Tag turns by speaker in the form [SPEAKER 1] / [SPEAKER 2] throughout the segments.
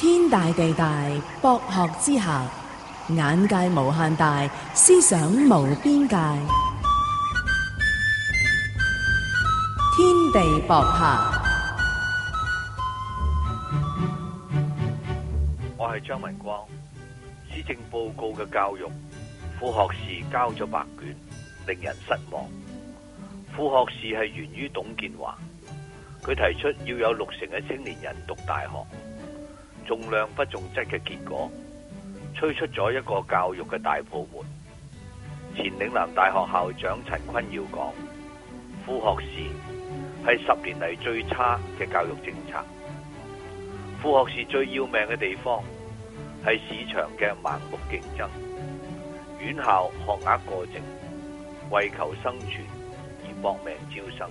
[SPEAKER 1] 天大地大，博學之下，眼界無限大，思想無邊界。天地博客，我係張文光。施政報告嘅教育副學士交咗白卷，令人失望。副學士係源於董建華，佢提出要有六成嘅青年人讀大學。重量不重質嘅結果，吹出咗一個教育嘅大泡沫。前嶺南大學校長陳坤耀講：副學士係十年嚟最差嘅教育政策。副學士最要命嘅地方係市場嘅盲目競爭，院校學額過剩，為求生存而搏命招生，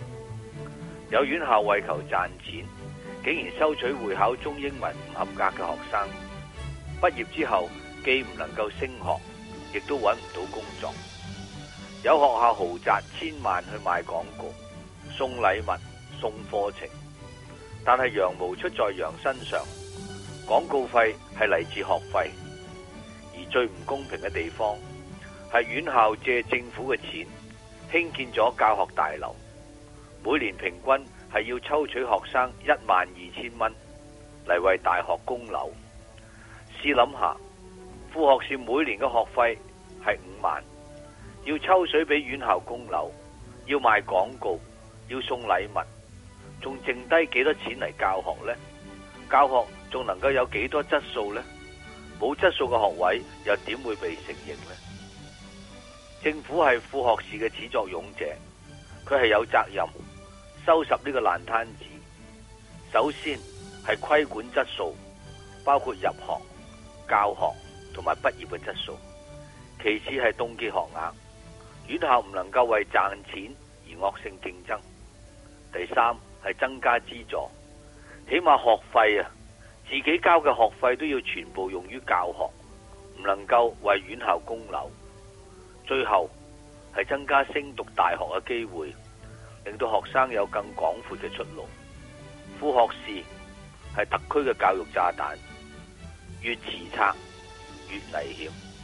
[SPEAKER 1] 有院校為求賺錢。竟然收取會考中英文唔合格嘅學生，畢業之後既唔能夠升學，亦都揾唔到工作。有學校豪宅千萬去買廣告、送禮物、送課程，但係羊毛出在羊身上，廣告費係嚟自學費。而最唔公平嘅地方係院校借政府嘅錢興建咗教學大樓，每年平均。係要抽取學生一萬二千蚊嚟為大學供樓。試諗下，副學士每年嘅學費係五萬，要抽水俾院校供樓，要賣廣告，要送禮物，仲剩低幾多錢嚟教學呢？教學仲能夠有幾多質素呢？冇質素嘅學位又點會被承認呢？政府係副學士嘅始作俑者，佢係有責任，收拾呢個爛攤子，首先係規管質素，包括入學、教學同埋畢業嘅質素；其次係凍結學額，院校唔能夠為賺錢而惡性競爭；第三係增加資助，起碼學費啊，自己交嘅學費都要全部用於教學，唔能夠為院校供樓；最後係增加升讀大學嘅機會。令到學生有更廣闊嘅出路，副學士係特區嘅教育炸彈，越遲拆越危險。